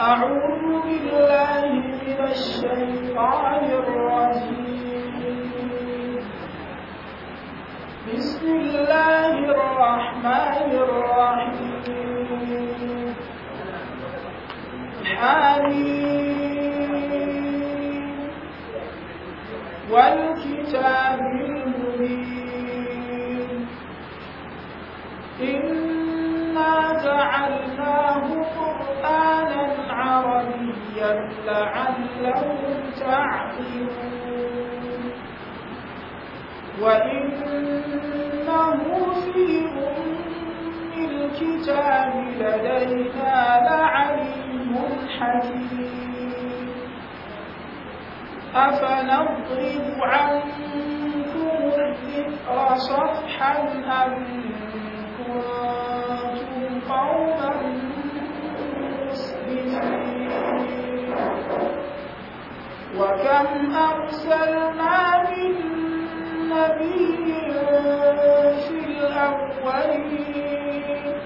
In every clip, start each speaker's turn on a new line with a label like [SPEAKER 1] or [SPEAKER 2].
[SPEAKER 1] أعوذ بالله من الشيطان الرجيم بسم الله الرحمن الرحيم حميم والكتاب المبين إنا جعلناه لعلهم تعقلون وإنه في أم الكتاب لدينا لعليم حكيم أفنضرب عنكم الذكر صفحا أن كنتم قوما وكم أرسلنا من نبي في الأولين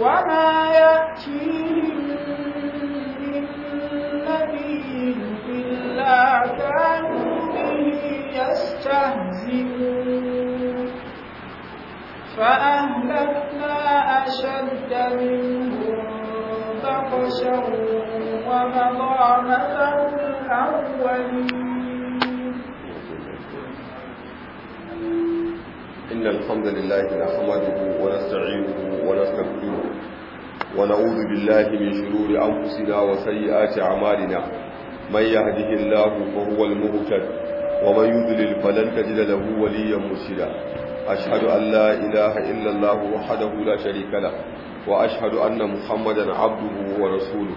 [SPEAKER 1] وما يأتيهم من نبي إلا كانوا به يستهزئون فأهلكنا أشد منهم بطشا ومضى مثل الأولين
[SPEAKER 2] إن الحمد لله نحمده ونستعينه ونستغفره ونعوذ بالله من شرور أنفسنا وسيئات أعمالنا من يهده الله فهو المهتد ومن يضلل فلن تجد له وليا مرشدا أشهد أن لا إله إلا الله وحده لا شريك له وأشهد أن محمدا عبده ورسوله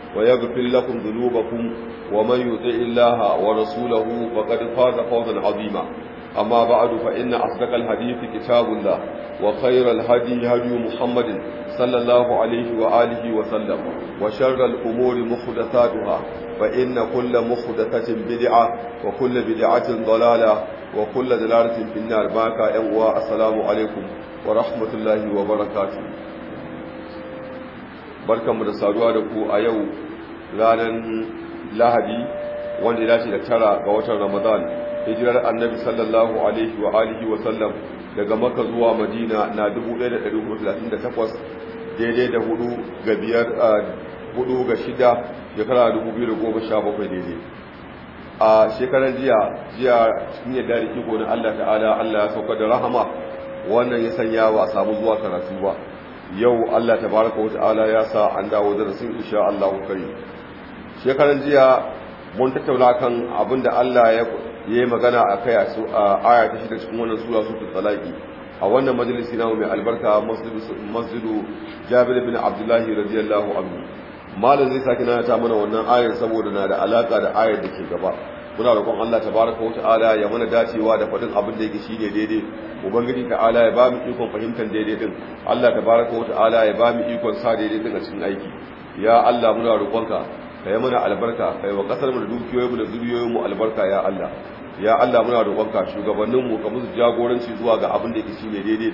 [SPEAKER 2] ويغفر لكم ذنوبكم ومن يطع الله ورسوله فقد فاز فوزا عظيما أما بعد فإن أصدق الحديث كتاب الله وخير الهدي هدي محمد صلى الله عليه وآله وسلم وشر الأمور محدثاتها فإن كل محدثة بدعة وكل بدعة ضلالة وكل دلالة في النار باكا أموى السلام عليكم ورحمة الله وبركاته mu da saduwa da ku a yau ranar lahadi wanda ya dace da tara ga watan ramadan hijirar annabi sallallahu alaihi wa alihi wa sallam daga maka zuwa madina na 1438 daidai da hudu ga biyar hudu ga shida shekara 2017 daidai a shekarar jiya jiya cikin yadda da kiko na allah ta'ala allah ya sauka da rahama wannan ya sanya wa samu zuwa karatu ba yau Allah ta Wa ta'ala ya sa an dawo da darasin insha Allah kai shekaran jiya mun tattauna kan abinda Allah ya yi magana a kai a aya ta shida cikin wannan sura su talaki a wannan majalisi na mai albarka masjidu Jabir bin Abdullah radiyallahu anhu malam zai saki na ta mana wannan ayar saboda na da alaka da ayar da ke gaba muna roƙon Allah tabaraka wa ta'ala ya mana dacewa da faɗin abin da yake shine daidai ubangiji ta'ala ya ba mu ikon fahimtar daidai din Allah tabaraka wa ta'ala ya ba mu ikon sa daidai din a cikin aiki ya Allah muna roƙonka kai mana albarka kai wa kasar mu da dukiyoyinmu da zuriyoyinmu albarka ya Allah ya Allah muna roƙonka shugabanninmu ka musu jagoranci zuwa ga abin da yake shine daidai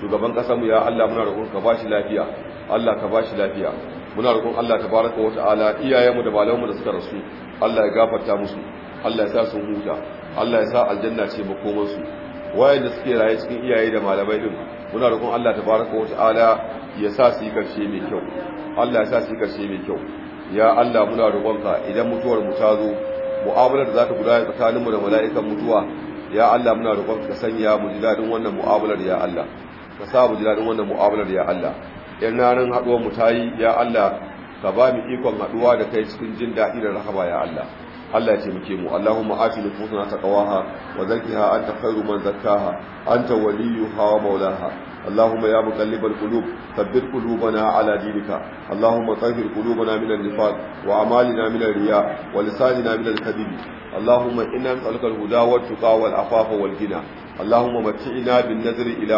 [SPEAKER 2] shugaban kasarmu ya Allah muna roƙonka ka bashi lafiya Allah ka bashi lafiya muna roƙon Allah tabaraka wa ta'ala iyayenmu da malamanmu da suka rasu Allah ya gafarta musu Allah ya sa sun huta Allah ya sa aljanna ce makomansu wayan da suke raye cikin iyaye da malamai din muna roƙon Allah tabaraka wa ta'ala ya sa su yi karshe mai kyau Allah ya sa su yi karshe mai kyau ya Allah muna roƙonka idan mutuwar mu ta zo mu'amalar da za ta gudana tsakanin mu da mala'ikan mutuwa ya Allah muna roƙon ka sanya mu ji daɗin wannan mu'amalar ya Allah ka sa mu ji daɗin wannan mu'amalar ya Allah yan ranar haɗuwar mu ta yi ya Allah ka ba mu ikon haɗuwa da kai cikin jin daɗi da rahama ya Allah Allah ya taimake mu Allahumma afi li fusuna taqwaha wa zakkiha anta khairu man zakkaha anta waliyuha hawa mawlaha Allahumma ya muqallib al qulub thabbit qulubana ala dinika Allahumma tahhir qulubana min al nifaq wa amalina min al riya wa lisanina min al kadhib Allahumma inna nas'aluka al huda wa tuqa wa al afafa wal ghina Allahumma ila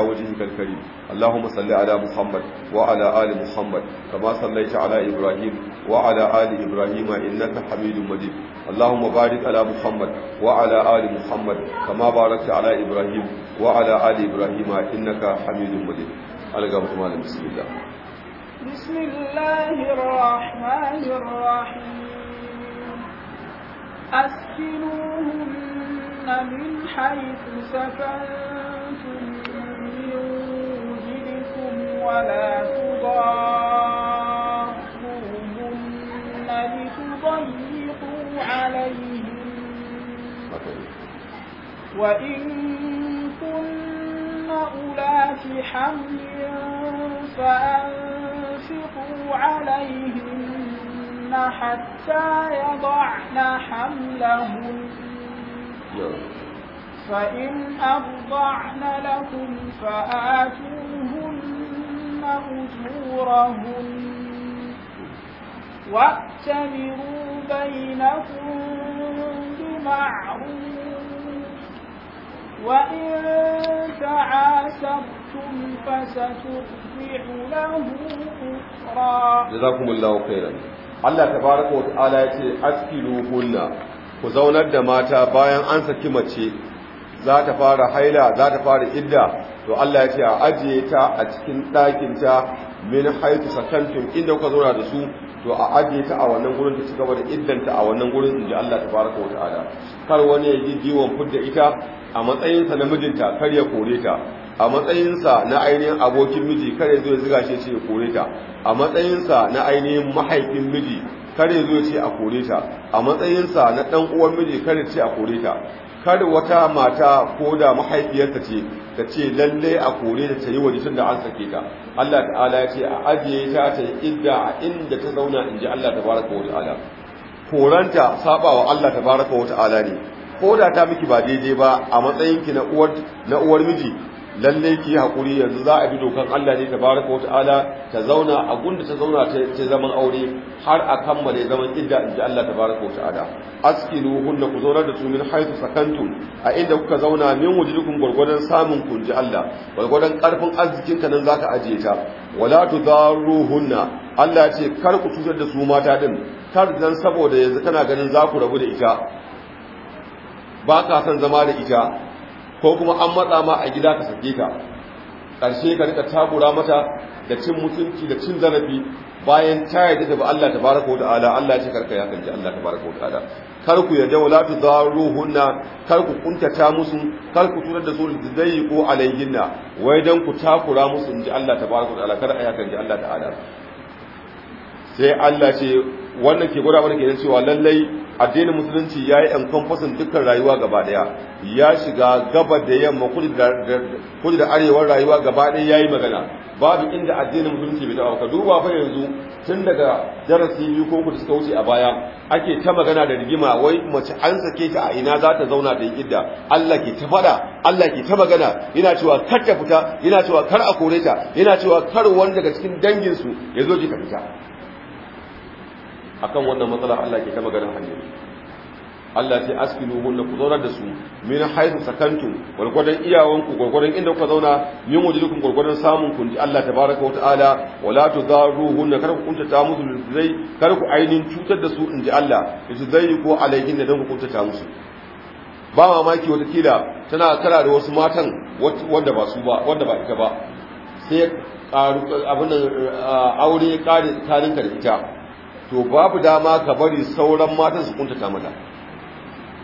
[SPEAKER 2] wajhika al Allahumma salli ala Muhammad wa ala ali Muhammad kama sallaita ala Ibrahim وعلى آل إبراهيم إنك حميد مجيد اللهم بارك على محمد وعلى آل محمد كما باركت على إبراهيم وعلى آل إبراهيم إنك حميد مجيد ألقى بسم الله
[SPEAKER 1] بسم الله الرحمن الرحيم أسكنوهن من حيث سكنتم من وجدكم ولا تضار وإن كن أولات حمل فأنفقوا عليهن حتى يضعن حملهن فإن أرضعن لكم فآتوهن أجورهن وأتمروا بينكم بمعروف وإن تعاسرتم فسترضع له أخرى
[SPEAKER 2] جزاكم الله خيرا Allah tabaraka wa ta'ala ya ce askiluhunna ku zaunar da mata bayan an saki mace za ta fara haila za ta fara idda to Allah ya ce a ajiye ta a cikin ɗakinta min haitu sakantum inda kuka zauna da su to a ajiye ta a wannan gurin ta cigaba da iddanta a wannan gurin inji Allah ta wata wataala kar wani ya ji jiwon fudda ita a matsayinsa na mijinta kar ya kore ta a matsayinsa na ainihin abokin miji kar ya zo ya ziga shi ce ya kore ta a matsayinsa na ainihin mahaifin miji kar ya zo ya ce a kore ta a matsayinsa na dan uwan miji kar ya ce a kore ta kar wata mata ko da mahaifiyarta ce ta ce lalle a kore da ta yi wani tun da an sake ta Allah ta'ala ya ce a ajiye ta ta yi idda a inda ta zauna in ji Allah ta baraka wa ta'ala koranta saba wa Allah ta baraka wa ta'ala ne ko da ta miki ba daidai ba a matsayinki na'uwar na uwar miji Lallai ki hakuri yanzu za a bi dokan Allah ne tabaraka wataala ta zauna a gunda ta zauna ta zaman aure har a kammale zaman idda ji Allah tabaraka wataala askilu hunna ku zaunar da su min haythu sakantum a inda kuka zauna min wujudukum gurgurdan samun ku ji Allah gurgurdan karfin arzikin ka nan zaka ajiye ta wala tudaruhunna Allah ya ce kar ku cutar da su mata din kar dan saboda yanzu kana ganin za ku rabu da ita ba ka san zama da ita ko kuma an matsa ma a gida ka sake ka ƙarshe ka rika takura mata da cin mutunci da cin zarafi bayan ta yarda da ba Allah tabaraka wa ta'ala Allah ya ce karka ya kanji Allah tabaraka wa ta'ala kar ku yarda wala tuzaruhunna kar ku kuntata musu kar ku turar da su zai ko alayhinna wai dan ku takura musu inji Allah tabaraka wa ta'ala kar a ya ji Allah ta'ala sai Allah ce wannan ke gwada mana kenan cewa lallai addinin musulunci ya yayi encompassing dukkan rayuwa gaba daya ya shiga gaba da yamma kudu da arewa rayuwa gaba daya yi magana babu inda addinin musulunci bai taɓa ka duba fa yanzu tun daga darasi biyu ko suka wuce a baya ake ta magana da rigima wai mace an sake ta a ina za ta zauna da yi idda Allah ke ta faɗa Allah ke ta magana yana cewa kar ta fita yana cewa kar a kore ta yana cewa kar wani daga cikin dangin ya zo ji fita akan wannan matsalar Allah ke kama ganin hannu Allah ce askilu hunna ku zauna da su min haizu sakantu gurgurdan iyawanku gurgurdan inda kuka zauna min wujudukum gurgurdan samun ku Allah tabaaraka wa ta'ala wala tudaruhunna kar ku kuntata musu zai kar ku ainin cutar da su inji Allah yace zai ko alaihin da ku kuntata musu ba mamaki wata kila tana kara da wasu matan wanda ba su ba wanda ba ita ba sai abin aure ya kare tsakaninka da ita to babu dama ka bari sauran matan su kuntata mata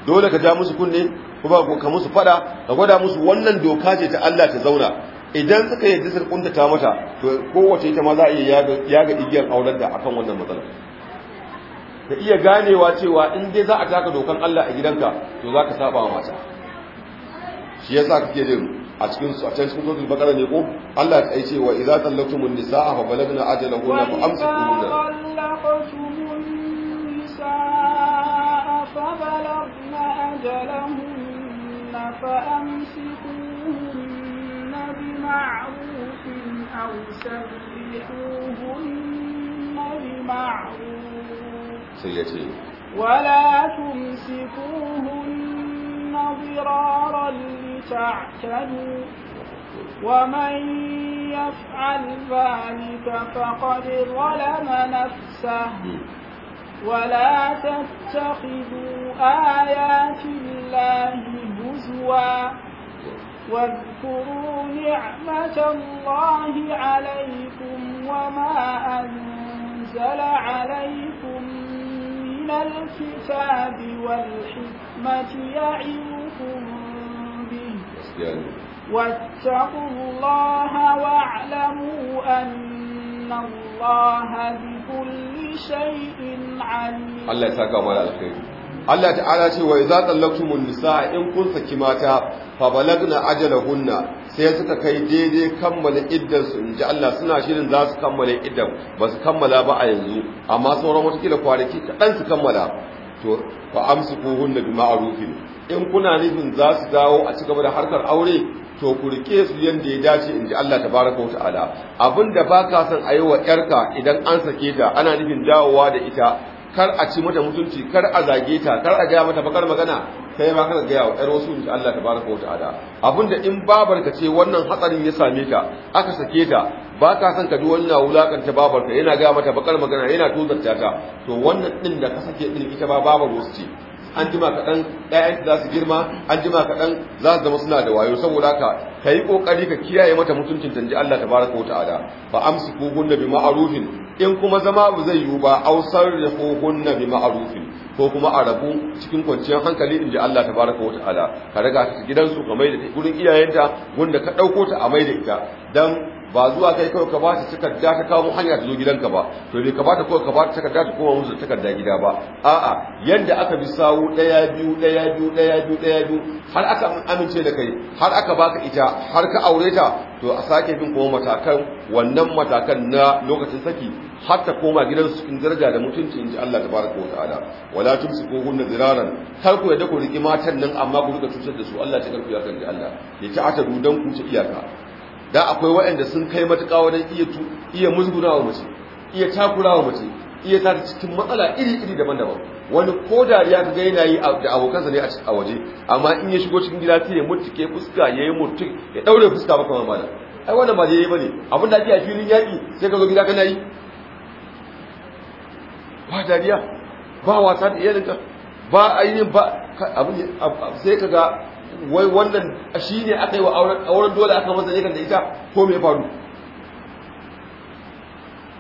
[SPEAKER 2] dole ka ja musu kunne kuma ka musu fada ka gwada musu wannan doka ce ta Allah ta zauna idan suka yi disar kuntata mata to kowace ita ma za a iya yaga igiyar aurar da akan wannan matsalar Ka iya ganewa cewa in dai za a taka dokan Allah a gidanka to za ka saba wa mata shi yasa kake jin a cikin su a can cikin suratul baqara ne ko Allah ya ce wa idza tallaqtumun nisaa fa balagna ajalahunna
[SPEAKER 1] fa amsikuhunna فأمسكوهن بمعروف أو سرحوهن بمعروف تعتدوا ومن يفعل ذلك فقد ظلم نفسه ولا تتخذوا آيات الله هزوا واذكروا نعمة الله عليكم وما أنزل عليكم من الكتاب والحكمة يعظكم
[SPEAKER 2] gaskiya Allah ya saka mana alkhairi Allah ta'ala ce wa idza tallaqtumun nisaa in kun saki mata fa balagna ajalahunna sai suka kai daidai kammala iddar su inji Allah suna shirin za su kammala iddar ba su kammala ba a yanzu amma sauran wata kila kwanaki kaɗan su kammala to fa amsikuhunna bi ma'rufin in kuna nufin za su dawo a cigaba da harkar aure to ku rike su yanda ya dace inji Allah tabaraka wa ta'ala abinda baka son a yi wa yarka idan an sake ta ana nufin dawowa da ita kar a ci mata mutunci kar a zage ta kar a gaya mata bakar magana kai ma kana gaya wa ƴar wasu in Allah tabaraka wa ta'ala abinda in babarka ce wannan hatsarin ya same ka aka sake ta ba ka san ka ji wannan babar babarka yana gaya mata bakar magana yana tozarta ta to wannan din da ka sake din ita ba babar wasu ce an jima kaɗan ɗayan za su girma an jima kaɗan za su zama suna da wayo saboda ka ka yi ƙoƙari ka kiyaye mata mutuncin tanji Allah ta wa ta'ala ada fa amsi hunna bima'rufin ma'arufin in kuma zama ba zai yiwu ba ausar da na bi ma'arufin ko kuma a rabu cikin kwanciyar hankali in ji Allah ta baraka wa ta'ala ka daga ta gidansu ka mai da gurin iyayenta wanda ka ɗauko ta a mai da ita dan ba zuwa kai kawai ka ba ta takarda ka kawo hanya ta zo gidanka ba to bai ta kawai ka ba ta takarda ta kowa musu takarda gida ba a'a yadda aka bi sawu daya biyu daya biyu daya biyu daya biyu har aka amince da kai har aka baka ita har ka aure ta to a sake bin kuma matakan wannan matakan na lokacin saki har ta koma gidan su cikin daraja da mutunci inji Allah tabaraka wa ta'ala wala tumsiku hunna ziraran har ku da ku riki matan nan amma ku rika cutar da su Allah ta karfi ya kan Allah ya ci ata dudan ku ta iyaka da akwai waɗanda sun kai matuƙa wajen iya tu iya musgunawa mace iya takurawa mace iya sa cikin matsala iri-iri daban-daban wani ko dariya ya ga yana yi da abokansa ne a waje amma in ya shigo cikin gida sai ya mutuke fuska ya yi murtu ya daure fuska maka mamala ai wannan ba zai yi bane abin da ake a filin yaƙi sai ka zo gida kana yi ba dariya ba wasa da iyalinka ba ainihin ba abin sai ka ga wai wannan shi ne aka yi wa auren dole aka masa ne da ita ko mai faru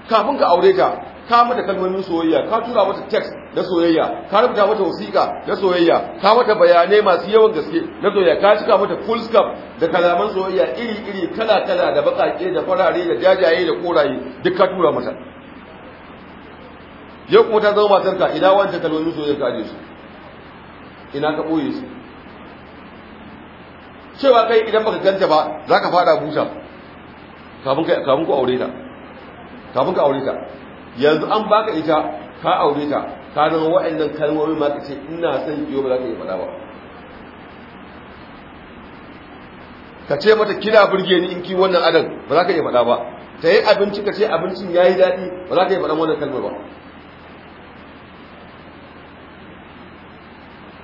[SPEAKER 2] kafin ka aure ta ka mata kalmomin soyayya ka tura mata text na soyayya ka rubuta mata wasiƙa na soyayya ka mata bayanai masu yawan gaske na soyayya ka cika mata full scope da kalaman soyayya iri iri kala kala da bakake da farare da jajaye da koraye duk ka tura mata yau kuma ta zama matarka ina wancan kalmomin soyayya ka aje su ina ka ɓoye su cewa kai idan baka ganta ba za ka fada buta kafin ku aure ta kafin ka aure ta yanzu an baka ita ka aure ta ka nan wa'annan kalmomi ma ka ce ina son iyo ba za ka yi faɗa ba ka ce mata kina burge ni in ki wannan adam ba za ka yi faɗa ba ta yi abinci ka ce abincin ya yi daɗi ba za ka yi faɗan wannan kalmar ba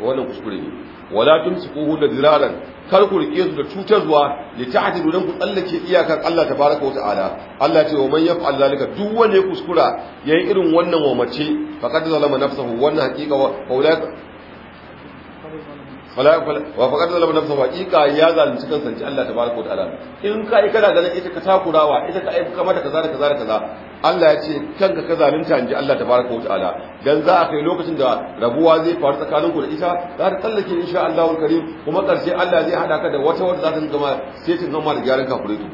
[SPEAKER 2] wannan kuskure ne wala tun su kuhu da ziraren. kar ku rike su da cutarwa ta hadu don ku tsallake iyakar Allah baraka wa ta'ala Allah ce wa man yaf'al zalika duk wanda ya kuskura yayi irin wannan wa mace faqad zalama nafsahu wannan hakika wa faulaka wa faqad zalama nafsahu hakika ya zalunci kansa Allah baraka wa ta'ala in ka yi kana ganin ita ka takurawa ita ka aika mata kaza da kaza da kaza Allah ya ce kanka ka zalunta inji Allah tabaraka wataala dan za a kai lokacin da rabuwa zai faru tsakaninku da ita za ta tsallake insha wal karim kuma karshe Allah zai hada ka da wata wata za ta zama sai ta zama da gyaran kafuretu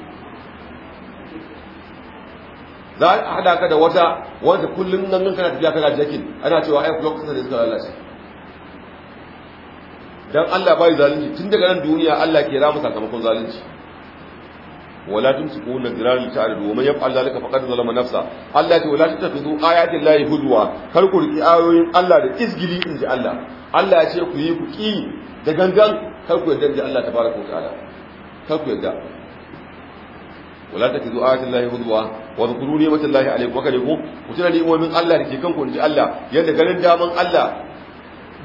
[SPEAKER 2] za a hada ka da wata wanda kullum nan kana tafiya kana jakin ana cewa ai blok sai da Allah lalace dan Allah bai zalunci tun daga nan duniya Allah ke rama sakamakon zalunci wala tumsiku na zirari ta adadu wa man yaf'al zalika faqad zalama nafsa Allah ta wala tattakhidhu ayati llahi hudwa kar ku riki ayoyin Allah da in ji Allah Allah ya ce ku yi ku ki da gangan kar ku yarda da Allah tabaraka wa ta'ala kar ku yarda wala tattakhidhu ayati llahi hudwa wa dhkuru ni'mata llahi alaykum wa kalikum ku tuna ni'imomin Allah da ke kanku in ji Allah yadda ganin daman Allah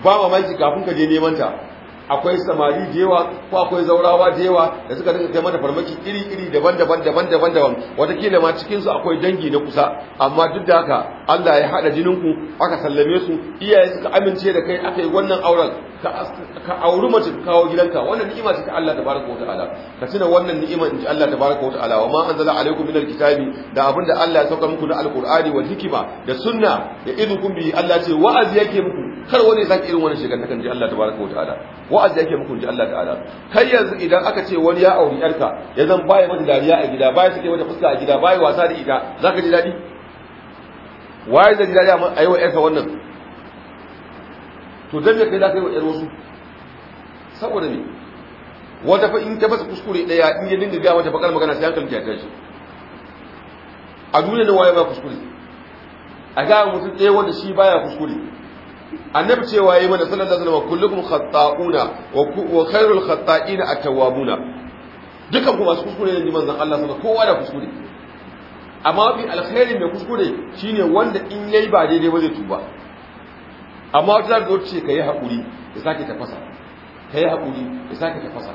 [SPEAKER 2] ba mamaki kafin ka je neman ta akwai samari da yawa ko akwai zaurawa da yawa da suka dinga kai mata farmaki iri iri daban-daban daban-daban wata watakila ma cikin su akwai dangi na kusa amma duk da haka Allah ya hada jininku aka sallame su iyaye suka amince da kai aka yi wannan auren ka auri mace ka kawo gidanka wannan ni'ima ce ta Allah tabaraka wa ta'ala ka tuna wannan ni'ima in ji Allah tabaraka wa ta'ala wa ma anzala alaikum minal kitabi da da Allah ya sauka muku na alqur'ani wal hikima da sunna ya idukum bi Allah ce wa'azi yake muku kar wani ya saki irin wannan shigar kan ji Allah tabaraka wa ta'ala wa'azi yake muku ji Allah ta'ala kai yanzu idan aka ce wani ya auri yarka ya zan baya mata dariya a gida baya suke mata fuska a gida baya wasa da ita zaka ji dadi waye zai dadi a yi wa yarka wannan to dan me kai za ka wa yar wasu saboda ne wata fa in ta fasa kuskure daya in ya dinga ga wata bakar magana sai hankalin ta tashi a duniya da waye ba kuskure a ga mutum ɗaya wanda shi baya kuskure annabi cewa yayi mana sallallahu alaihi wasallam kullukum khata'una wa khairul khata'ina at-tawwabuna dukan ku masu kuskure ne manzon Allah sallallahu kowa da kuskure amma fi alkhairi mai kuskure shine wanda in yayi ba daidai ba zai tuba amma wata zai ce kai hakuri ya sake tafasa kai hakuri ya sake tafasa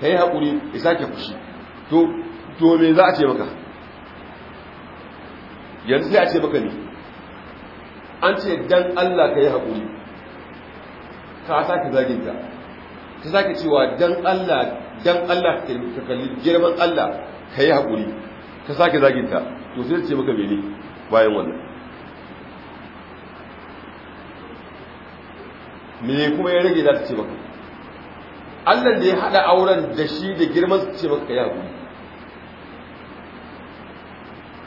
[SPEAKER 2] kai hakuri ya sake kushi to to me za a ce maka yanzu sai a ce maka ne an ce dan Allah kai hakuri ka sake zagin ta ka sake cewa dan Allah dan Allah ka kalli girman Allah kai hakuri ka sake zaginta to sai ce maka mene bayan wannan me kuma ya rage za ta ce maka Allah da ya haɗa auren da shi da girman su ce maka ya guri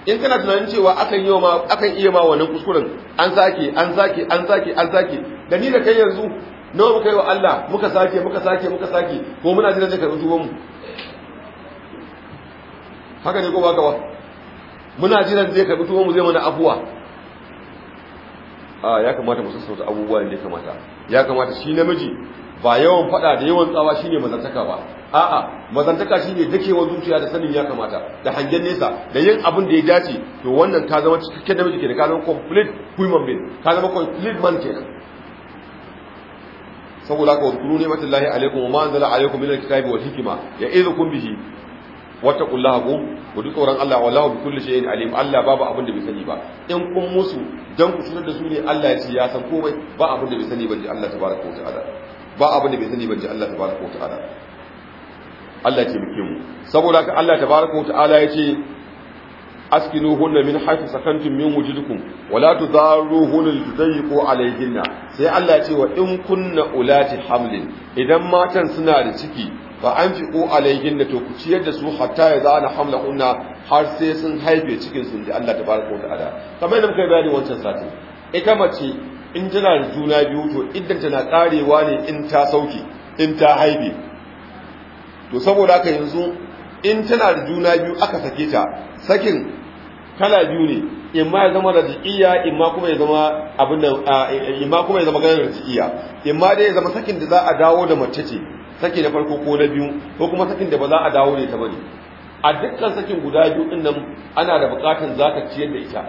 [SPEAKER 2] in kana tunanin cewa akan yi ma akan iya ma wannan kuskuren an sake an sake an sake an sake da ni da kai yanzu nawa muka yi wa Allah muka sake muka sake muka sake ko muna jira da karɓi tuwon mu haka ne ko ba ka ba muna jiran zai karbi tuwon mu zai mana afuwa a ya kamata mu sassauta abubuwa ne ya kamata ya kamata shi namiji ba yawan fada da yawan tsawa shine mazantaka ba a'a mazantaka shine wa zuciya da sanin ya kamata da hangen nesa da yin abin da ya dace to wannan ka zama cikakken namiji kenan ka zama complete human being ka zama complete man kenan saboda ka wa ne matallahi alaikum wa ma'azala alaikum min alkitabi wal hikima ya kun bihi wata kullaha ku ku ji tsoron Allah wallahu bi kulli shay'in alim Allah babu abin da bai sani ba in kun musu dan ku sanar da su ne Allah ya ce ya san komai ba abin da bai sani ba ji Allah tabaraka wa ta'ala ba abin da bai sani ba ji Allah tabaraka wa ta'ala Allah ya ce mu saboda ka Allah tabaraka wa ta'ala ya ce hunna min haifu sakantun min wujudikum da la ko ko alaihinna sai Allah ya ce wa in kunna ulati hamlin idan matan suna da ciki fa ko alaihinna to ku ciyar da su hatta ya zana hamla kunna har sai sun haife cikin sun ji Allah tabaraka wa ta'ala kamar yadda muka bayani wancan sati ita mace in tana da juna biyu to idan na karewa ne in ta sauke in ta haife to saboda haka yanzu in tana da juna biyu aka sake ta sakin kala biyu ne in ma ya zama jiya in ma kuma ya zama abin da in ma kuma ya zama ganin jiya in ma dai ya zama sakin da za a dawo da mace ce saki na farko ko na biyu ko kuma sakin da ba za a dawo da ta bane a dukkan sakin guda biyu din nan ana da bukatun zaka ciyar da ita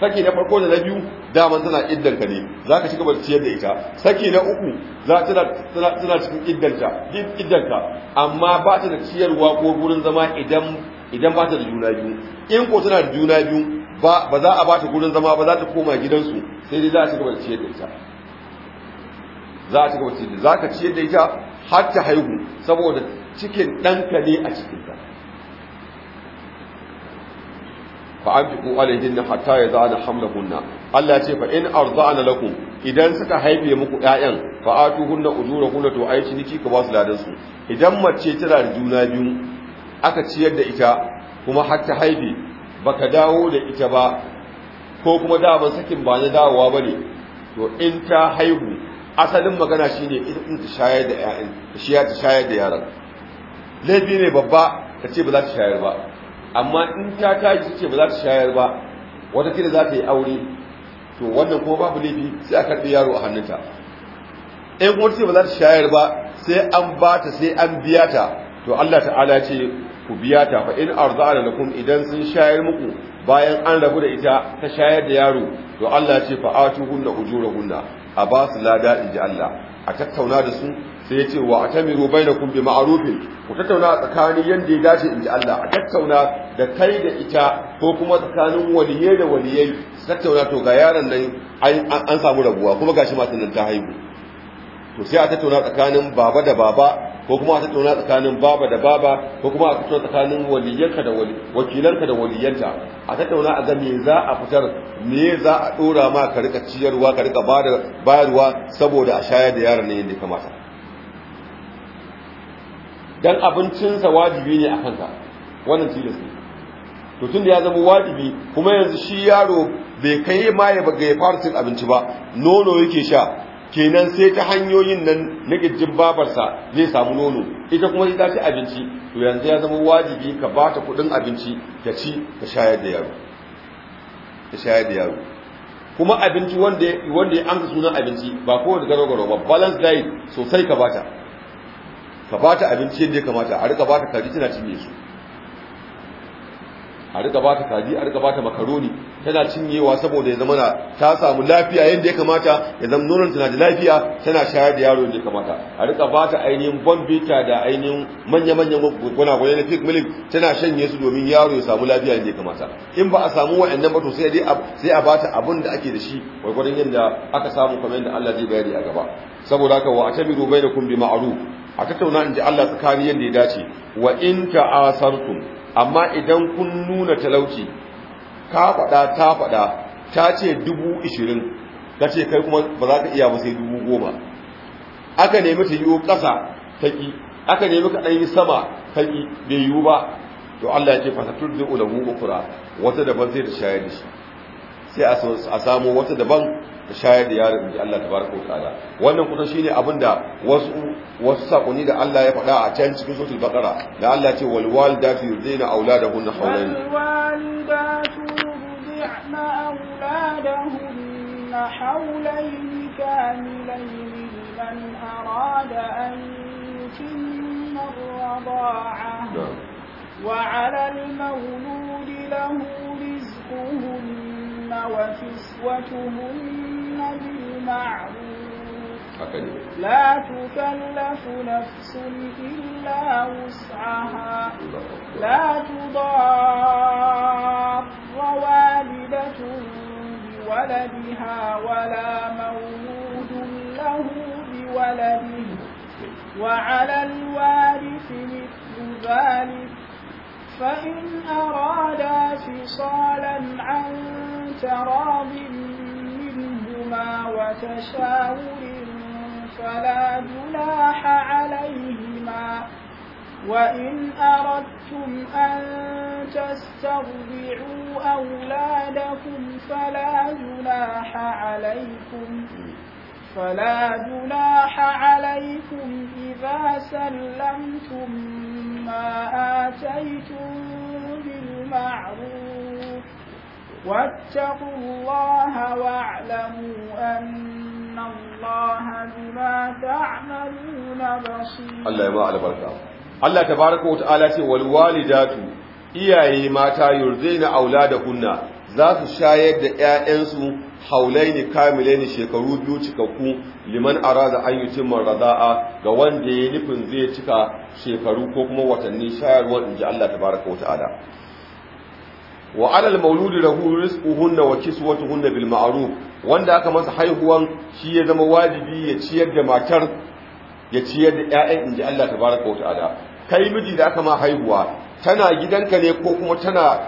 [SPEAKER 2] saki na farko da na biyu daman tana iddanka ne za ka ci gaba da ciyar da ita saki na uku za tana cikin iddanka amma ba ta da ciyarwa ko gurin zama idan ba ta da juna biyu in ko tana da juna biyu ba za a ba ta gurin zama ba za ta koma gidansu sai dai za a ci gaba da ciyar da ita za a ci gaba da ciyar da ita har ta haihu saboda cikin ɗanka ne a cikinta fa anfiqu alayhinna hatta yazana hamlahunna Allah ce fa in arda'na lakum idan suka haife muku ƴaƴan fa atuhunna ujurahunna to ai ciniki ka ba su ladan su idan mace tana da juna biyu aka ciyar da ita kuma har ta haife baka dawo da ita ba ko kuma da ban sakin ba na dawowa bane to in ta haihu asalin magana shine in ta shayar da ƴaƴan ta shayar da yaran laifi ne babba kace ba za ta shayar ba amma in ta tashi ce ba za ta shayar ba wata kila za ta yi aure to wannan kuma babu laifi sai a karɓi yaro a hannunta in kuma ce ba za ta shayar ba sai an ba ta sai an biya ta to Allah ta'ala ce ku biya ta fa in ala lakum idan sun shayar muku bayan an rabu da ita ta shayar da yaro to Allah ce fa hunna ujurahunna a ba su lada inji Allah a tattauna da su sai ya ce wa bai da kumbi ma'arufin, ku tattauna a tsakani yadda ya dace inji Allah a tattauna da kai da ita ko kuma tsakanin waliye da waliye su tattauna to ga yaron nan an samu rabuwa kuma ga matan nan ta haihu to sai a tattauna tsakanin baba da baba ko kuma a tattauna tsakanin baba da baba ko kuma a tattauna tsakanin waliyanka da wakilanka da waliyanta a tattauna a ga me za a fitar me za a dora ma ka rika ciyarwa ka rika bayarwa saboda a shayar da yaron nan yadda ya kamata dan abincinsa wajibi ne a kanka wannan tilas ne to tun da ya zama wajibi kuma yanzu shi yaro bai kai ma ya ga ya fara cin abinci ba nono yake sha kenan sai ta hanyoyin nan na gijin babarsa zai samu nono ita kuma ita ce abinci to yanzu ya zama wajibi ka ba ta kudin abinci ta ci ta shayar da yaro ta shayar da yaro kuma abinci wanda ya an ga sunan abinci ba kowane gado gado ba balance diet sosai ka ba ta. ka ba ta abinci yadda ya kamata a rika ta kaji tana cinye su a rika ta kaji a rika ta makaroni tana cinyewa saboda ya zama ta samu lafiya yadda ya kamata ya zama nuna tana da lafiya tana shayar da yaro yadda ya kamata a rika ta ainihin bambita da ainihin manya-manyan gwanagwane na fake milk tana shanye su domin yaro ya samu lafiya yadda ya kamata in ba a samu wa'annan ba to sai sai a bata abin da ake da shi gwargwadon yadda aka samu kamar yadda Allah zai bayani a gaba saboda haka wa atabiru bainakum bi ma'ruf a tattauna in ji Allah tsakani yadda ya dace wa in ta'asartum amma idan kun nuna talauci ka faɗa ta faɗa ta ce dubu ishirin ka ce kai kuma ba za ka iya ba sai dubu goma aka nemi ta yiwu ƙasa ta ƙi aka nemi ka ɗan yi sama ta ƙi bai yiwu ba to Allah ya ce fasatur da ulamu ukura wata daban zai ta shayar da shi sai a samo wata daban da shayar da yaro inji Allah tabaraka ta'ala wannan kusa shine abin da wasu wasu sakonni da Allah ya faɗa a can cikin suratul baqara da Allah ya ce wal walidatu yurdina auladahunna hawlain
[SPEAKER 1] حولين كاملين لمن أراد أن يتم الرضاعة وعلى المولود له رزقهما وكسوتهن بالمعروف لا تكلف نفس إلا وسعها لا تضار والدة بولدها ولا مولود له بولده وعلى الوارث مثل ذلك فإن أرادا فصالا عن شراب منهما وتشاور فلا جناح عليهما وإن أردتم أن تسترضعوا أولادكم فلا جناح عليكم فلا جناح عليكم إذا سلمتم ما آتيتم بالمعروف واتقوا الله واعلموا أن الله بما تعملون بصير الله
[SPEAKER 2] يبقى على بركة الله تبارك وتعالى والوالدات iyaye mata yurzaina auladakunna za su shayar da ƴaƴansu haulaini kamilaini shekaru biyu cikakku liman arada an yutimma ga wanda yayi nufin zai cika shekaru ko kuma watanni shayarwa inji Allah tabaaraka wa ta'ala wa alal mauludi lahu rizquhunna wa kiswatuhunna bil ma'ruf wanda aka masa haihuwan shi ya zama wajibi ya ciyar da matar ya ciyar da ƴaƴan inji Allah tabaraka wa ta'ala kai miji da aka ma haihuwa tana gidanka ne ko kuma tana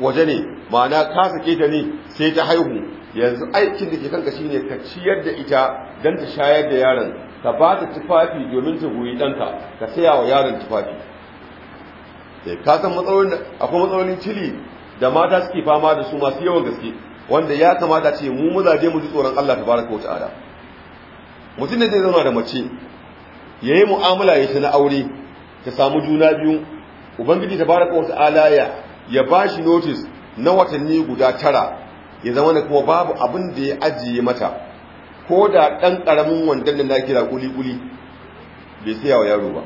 [SPEAKER 2] waje ne ma'ana ka sake ta ne sai ta haihu yanzu aikin da ke kanka shine ka ciyar da ita dan ta shayar da yaron ka ba ta tufafi domin ta goyi danka ka saya wa yaron tufafi sai eh, ka san matsalolin akwai matsalolin cili da mata suke fama da su masu yawan gaske wanda ya kamata ce mu zaje mu ji tsoron Allah tabaraka wata mutum da zai zauna da mace ya yi mu'amala ya shi na aure ta samu juna biyu ubangiji tabaraka wa ya ba shi notis na watanni guda tara ya zama da kuma babu abin da ya ajiye mata ko da ɗan ƙaramin wandon da na kira kuli-kuli bai saya wa yaro ba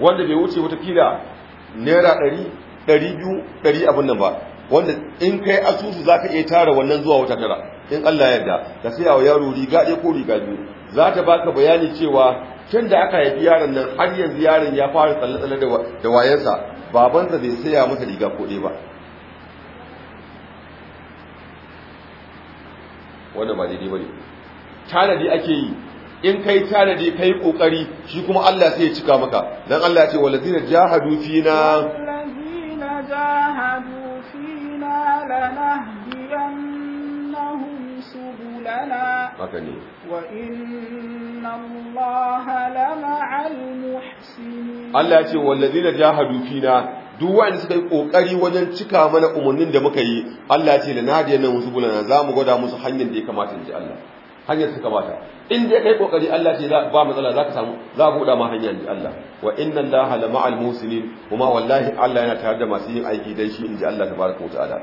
[SPEAKER 2] wanda bai wuce wata kila naira ɗari 200 biyu abin nan ba wanda in kai asusu za ka iya tara wannan zuwa wata tara in Allah ya yarda ka saya wa yaro riga ɗaya ko riga biyu za ta baka bayani cewa tun da aka haifi yaron nan har yanzu yaron ya fara tsalle-tsalle da wayansa babansa zai saya masa riga ko ɗaya ba wannan ba daidai bane tanadi ake yi in kai tanadi kai kokari shi kuma Allah sai ya cika maka dan Allah ya ce walazina jahadu fina
[SPEAKER 1] لنهدينهم سبلنا وإن الله لمع المحسنين Allah ya ce wallazi
[SPEAKER 2] na jahadu fina duk wanda suka yi kokari wajen cika mana umarnin da muka yi Allah ya ce da nadiya nan musu bulana za mu gwada musu hanyar da ya kamata in ji Allah hanyar suka kamata in ya kai kokari Allah ce ba matsala ka samu za ka buɗa ma hanyar ji Allah wa inna Allah la ma'al muslimin kuma wallahi Allah yana tare da masu yin aiki dan shi in ji Allah tabaraka wa ta'ala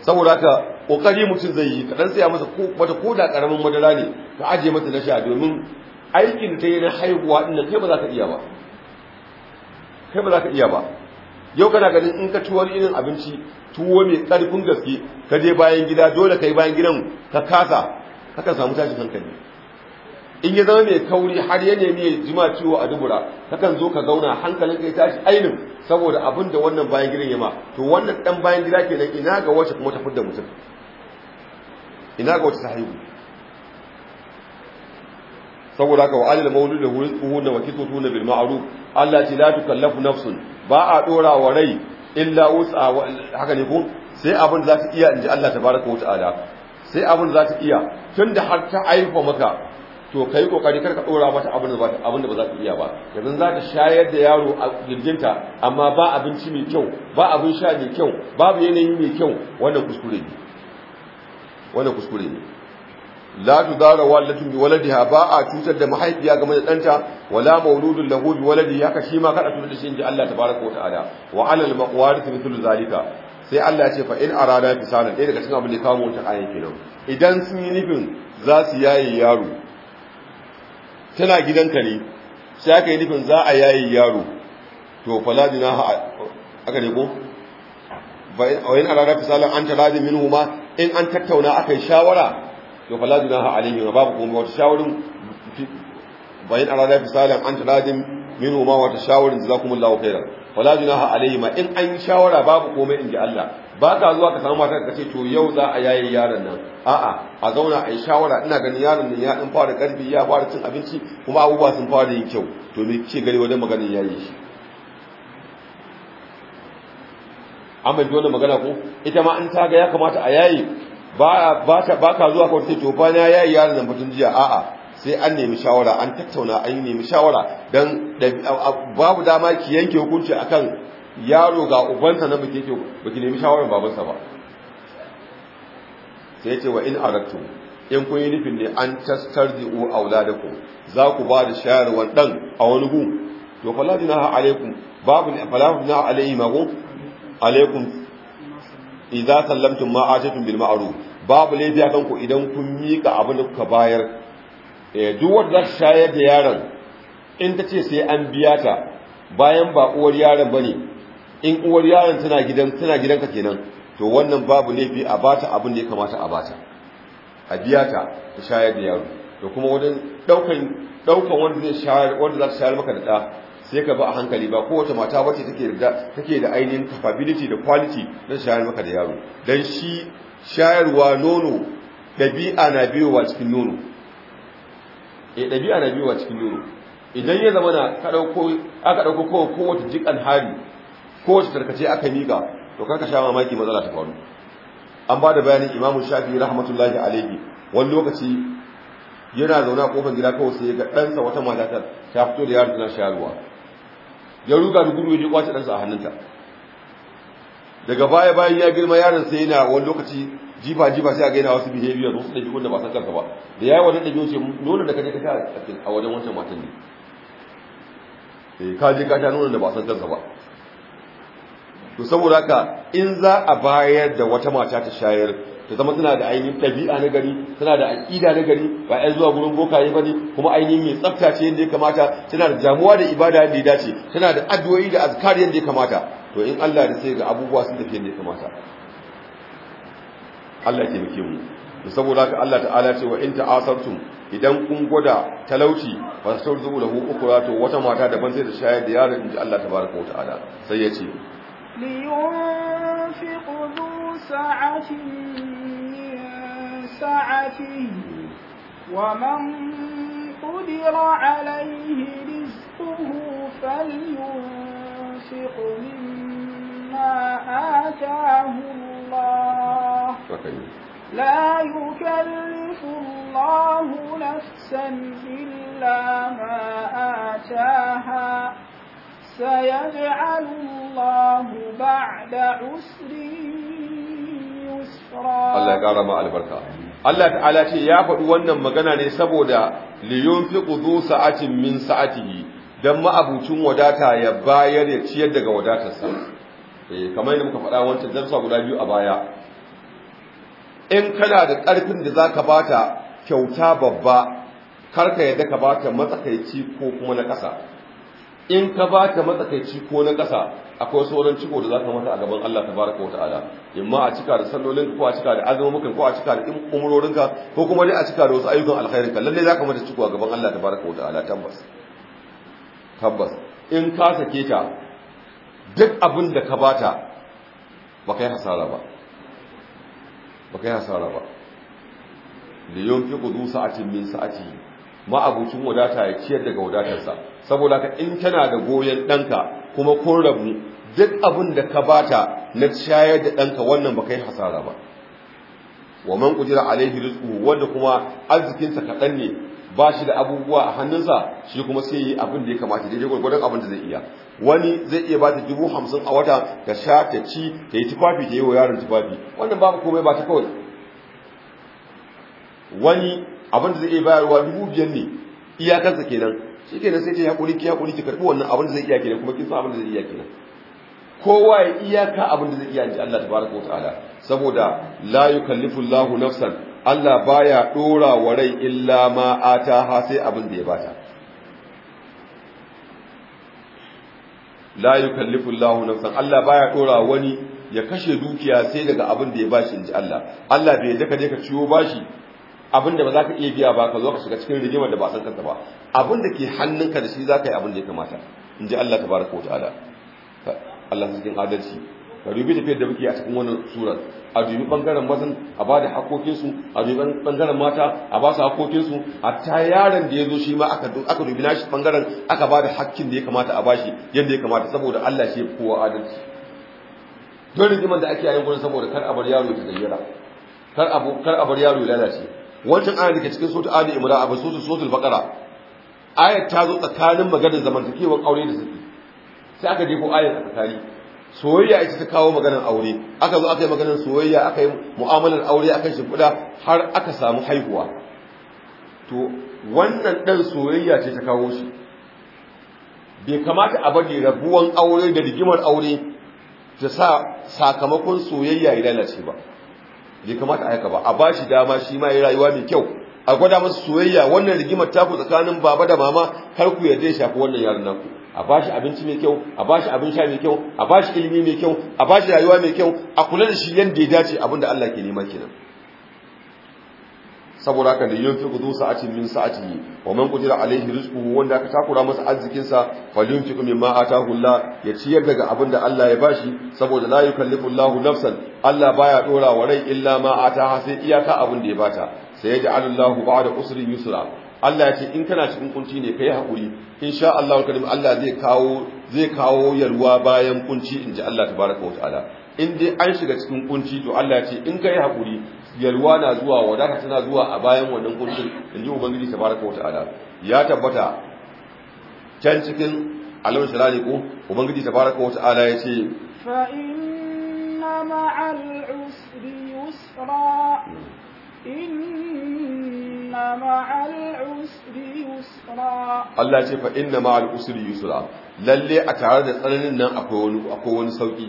[SPEAKER 2] saboda haka kokari mutum zai yi kadan saya masa wata koda karamin madara ne ka aje masa na sha domin aikin ta yi na haihuwa din kai ba za ka iya ba kai ba za ka iya ba yau kana ganin in ka tuwo irin abinci tuwo mai karfin gaske ka je bayan gida dole ka bayan gidan ka kasa haka samu tashi hankali in ya zama mai kauri har ya nemi jima'a jima ciwo a dubura kakan zo ka gauna hankalin ka ya tashi ainin saboda abin da wannan bayan gidan ya ma to wannan dan bayan gida kenan ina ga wace kuma ta fidda mutum ina ga wace sahibu saboda haka wa alil maulud da tsuhu na wakituhu na bil ma'ruf Allah ce la tukallafu nafsun ba a dora wa rai illa usa haka ne ko sai abin da za ta iya inji Allah tabaraka wa ta'ala sai abin da za ta iya tunda har ta aifa maka to kai kokari kar ka dora mata abin da abin da ba za ta iya ba yanzu za ka shayar da yaro a girginta amma ba abinci mai kyau ba abin sha mai kyau babu yanayi mai kyau wannan kuskure ne wannan kuskure ne la tudara walatin bi waladiha ba a cutar da mahaifiya game da danta wala mauludun lahu bi waladihi haka shi ma kada cutar da shi inji Allah tabaraka wa ta'ala wa alal maqwarith mithlu zalika sai Allah ya ce fa in arada fisalan ɗaya daga cikin abin da kawo ta ayyukan idan sun yi nufin za su yaye yaro tana gidanka ne sai aka yi nufin za a yayi yaro to fala jinaha aka ne ko in arara fisalan an taradi min huma in an tattauna aka yi shawara to fala jinaha alaihi wa babu kuma wata shawarin in arara fisalan an taradi min huma wata shawarin jazakumullahu khairan fala jinaha alaihi ma in an yi shawara babu komai in ji Allah ba ka zuwa ka samu matar ka ce to yau za a yaye yaron nan a'a a zauna a yi shawara ina ganin yaron nan ya ɗin fara ƙarfi, ya fara cin abinci kuma abubuwa sun fara yin kyau to me kike gari wajen maganin yayi shi an mai wannan magana ko ita ma an taga ya kamata a yaye ba ka zuwa ka ce to ba na yaye yaron nan batun jiya a'a sai an nemi shawara an tattauna an nemi shawara dan babu dama ki yanke hukunci akan yaro ga ubansa na baki baki nemi shawarar babansa ba sai ce wa in arattu in kun yi nufin ne an da da ku. za ku ba da shayarwar dan a wani gun to fala na alaikun babu ne, fala na alaihi mago alaikum idza sallamtum ma atatum bil ma'ruf babu laifi akan ku idan kun ka abin da kuka bayar eh duk wanda za shayar da yaron in ta ce sai an biya ta bayan ba uwar yaron bane in uwar yaron tana gidan tana gidanka kenan to wannan babu laifi a bata abin da ya kamata a bata a biya ta ta shayar da yaro to kuma wajen daukan daukan wanda zai shayar wanda za ta shayar maka da da sai ka ba a hankali ba kowace mata wacce take da take da ainihin capability da quality na shayar maka da yaro dan shi shayarwa nono dabi'a na wa cikin nono eh dabi'a na wa cikin nono idan ya zama na ka dauko aka dauko kowace jikan hali kowace tarkace aka miƙa to karka sha mamaki matsala ta faru an ba da bayanin imamu shafi rahmatullahi alaihi wani lokaci yana zaune a kofar gida kawai sai ga ɗansa wata mata ta fito da yaron tana shayarwa ya ruga da gudu ya je kwace ɗansa a hannunta daga baya bayan ya girma yaron sai yana wani lokaci jifa jifa sai a gaina wasu behavior wasu ɗabi'un da ba san kansa ba da yayi wannan ɗabi'un ce nuna da kaje ka ta a wajen wancan matan ne eh ka je ka nuna da ba san kansa ba to saboda haka in za a bayar da wata mata ta shayar ta zama tana da ainihin ɗabi'a na gari tana da aƙida na gari ba ya zuwa gurin bokaye ba ne kuma ainihin mai tsafta ce yadda ya kamata tana da damuwa da ibada yadda ya dace tana da addu'o'i da azkar yadda ya kamata to in Allah da sai ga abubuwa sun tafi yadda ya kamata Allah ya taimake mu to saboda haka Allah ta'ala ce wa in ta'asartum idan kun gwada talauci fa sauzubu lahu ukra to wata mata daban sai ta shayar da yaron inji Allah tabaraka wa ta'ala sai ya ce
[SPEAKER 1] لينفق ذو سعة من سعته ومن قدر عليه رزقه فلينفق مما آتاه الله لا يكلف الله نفسا إلا ما آتاها سيجعل الله الله بعد عسر يسرا الله يقرأ
[SPEAKER 2] مع البركه Allah ta'ala ce ya faɗi wannan magana ne saboda li yunfiqu ƙudu sa'atin min sa'atihi don abucin wadata ya bayar ya ciyar daga wadatarsa eh, kamar yadda muka faɗa wancan darsa guda biyu a baya in kana da ƙarfin da zaka bata kyauta babba karka yadda ka bata matsakaici ko kuma na ƙasa in ka ba ta matsakaici ko na ƙasa akwai sauran ciko da za ka mata a gaban Allah ta baraka wa ta'ala in ma a cika da sallolin ko a cika da azumukan ko a cika da umurorinka ko kuma dai a cika da wasu ayyukan alkhairin ka lalle za ka mata ciko a gaban Allah ta baraka wa ta'ala tabbas tabbas in ka sake ta duk abin da ka bata ba kai hasara ba ba kai hasara ba liyun fi qudusa sa'atin min sa'ati ma'abucin wadata ya ciyar daga wadatarsa saboda ka in tana da goyon ɗanka kuma kun rabu duk abin da ka bata na shayar da ɗanka wannan ba kai hasara ba wa man kujira alaihi rizqu wanda kuma arzikinsa kaɗan ne ba shi da abubuwa a hannunsa shi kuma sai yi abin da ya kamata daidai gwargwadon abin da zai iya wani zai iya ba ta dubu hamsin a wata ta sha ta ci ta yi tufafi ta yi wa yaron tufafi wannan babu komai ba ta kawai wani abinda da zai iya bayarwa dubu biyar ne iyakarsa kenan shi kenan sai ce ya kuri ki ya kuri ki karɓi wannan abinda da zai iya kenan kuma kin san abin da zai iya kenan kowa ya iyaka abinda da zai iya ji Allah tabaraka wa ta'ala saboda la yukallifu Allahu nafsan Allah baya dora wa rai illa ma ha sai abin da ya bata la yukallifu Allahu nafsan Allah baya dora wani ya kashe dukiya sai daga abin da ya bashi inji Allah Allah bai yadda ka je ka ciwo bashi abin da ba za ka iya biya ba ka zo ka shiga cikin rigimar da ba san kanta ba abin da ke hannunka da shi za ka yi abin da ya kamata in ji Allah ta baraka wata ala Allah cikin adalci ka dubi tafiyar da muke a cikin wannan surar a dubi bangaren mazan a ba da hakokinsu a dubi bangaren mata a ba su hakokinsu ta yaron da ya zo shi ma aka dubi nashi bangaren aka ba da hakkin da ya kamata a bashi yadda ya kamata saboda Allah shi ya kowa adalci don rigimar da ake yayin gurin saboda kar a bar yaro ya gayyara kar a bar yaro ya lalace wancan ayar da ke cikin suratul ali imra a basu suratul bakara ayar ta zo tsakanin maganar zamantakewar aure da suke. sai aka je ko ayar a tsakani soyayya ita ta kawo maganar aure aka zo aka yi maganar soyayya aka yi mu'amalar aure akan shimfiɗa har aka samu haihuwa to wannan dan soyayya ce ta kawo shi bai kamata a bari rabuwan aure da rigimar aure ta sa sakamakon soyayya ya lalace ba bai kamata a ba a bashi dama shi ma ya rayuwa mai kyau a gwada masu soyayya wannan rigimar ta ku tsakanin baba da mama kar ku yarda ya shafi wannan yaron nan a bashi abinci mai kyau a bashi abin sha mai kyau a bashi ilimi mai kyau a bashi rayuwa mai kyau a kula da shi yanda ya dace abin da Allah ke nema kenan saboda haka da yunfiqu du sa'atin min sa'atihi wa man qudira alayhi rizquhu wanda aka takura masa arzikin sa falyunfiqu mimma ataahu Allah ya ciyar daga abin da Allah ya bashi saboda la yukallifu Allahu nafsan Allah baya dora wa rai illa ma ha sai iyaka abin da ya bata sai ya ja'alullahu ba'da usri yusra Allah ya ce in kana cikin kunci ne kai hakuri insha Allah karim Allah zai kawo zai kawo yarwa bayan kunci in ji Allah tabaraka wa ta'ala in dai an shiga cikin kunci to Allah ya ce in kai hakuri yarwa na zuwa daka tana zuwa a bayan wannan kuncin ji ubangiji tabaraka wa ta'ala ya tabbata can cikin alawar shirani ko ubangiji tabaraka wa ta'ala ya
[SPEAKER 1] ce مع العسر يسرا إن مع العسر يسرا
[SPEAKER 2] الله يقول إن مع العسر يسرا lalle a tare da tsananin nan akwai wani sauƙi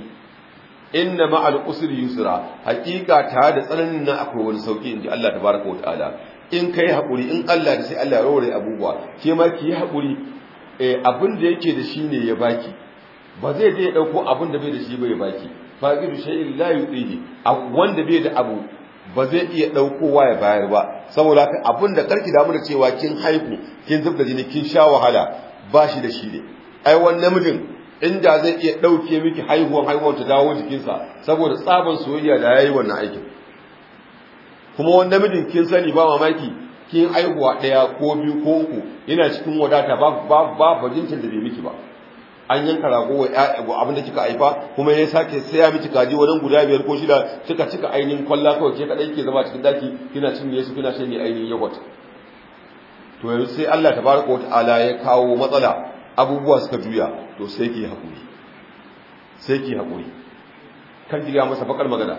[SPEAKER 2] inna ma'al usri yusra haƙiƙa tare da tsananin nan akwai wani sauƙi inji Allah tabaraka wataala in kai haƙuri in Allah da sai Allah ya raware abubuwa ke ma ki haƙuri eh, abin da yake da shi ne ya baki ba zai je ya ɗauko abin da bai da shi bai ya baki faqidu shay'in la yudihi wanda bai da abu ba zai iya daukowa ya bayar ba saboda haka abin da karki damu da cewa kin haihu kin zubda jini kin sha wahala ba shi da shi ne ai wani namijin inda zai iya ɗauke miki haihuwan haihuwan ta dawo jikinsa saboda tsaban soyayya da yayi wannan aikin kuma wani namijin kin sani ba mamaki kin haihuwa ɗaya ko biyu ko uku yana cikin wadata ba ba ba bajinta da bai miki ba an yanka rago wa ƴaƴa abin da kika haifa kuma ya sake saya miki kaji wajen guda biyar ko shida kika cika ainihin kwalla kawai ke kadai ke zama cikin daki kina cin yesu kina shan ainihin yogurt to yanzu sai Allah tabaraka wa ta'ala ya kawo matsala abubuwa suka juya to sai ki hakuri sai ki hakuri kan ki masa bakar magana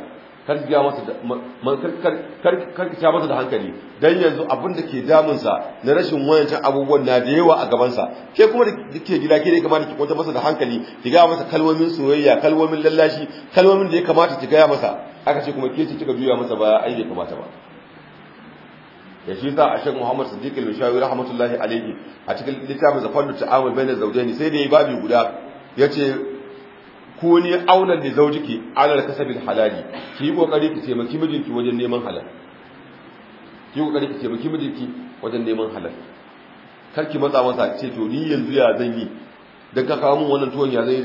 [SPEAKER 2] karkiya masa da masa da hankali don yanzu abin da ke damunsa na rashin wayancin abubuwan na da yawa a gabansa ke kuma da ke gida ke ne kamata ki kwanta masa da hankali ki gaya masa kalmomin soyayya kalmomin lallashi kalmomin da ya kamata ki gaya masa aka ce kuma ke ce kika juya masa baya ai bai kamata ba da shi sa a shan muhammad sadiq al-mishawi rahmatullahi alayhi a cikin littafin zafannu ta'amul bainal zaujani sai da ya babu guda yace ko ne aunar da zaujiki alal kasabil halali ki yi kokari ki taimaki mijinki wajen neman halal ki yi kokari ki taimaki mijinki wajen neman halal kar ki matsa masa ce to ni yanzu ya zan yi dan ka kawo mun wannan tuwon ya zai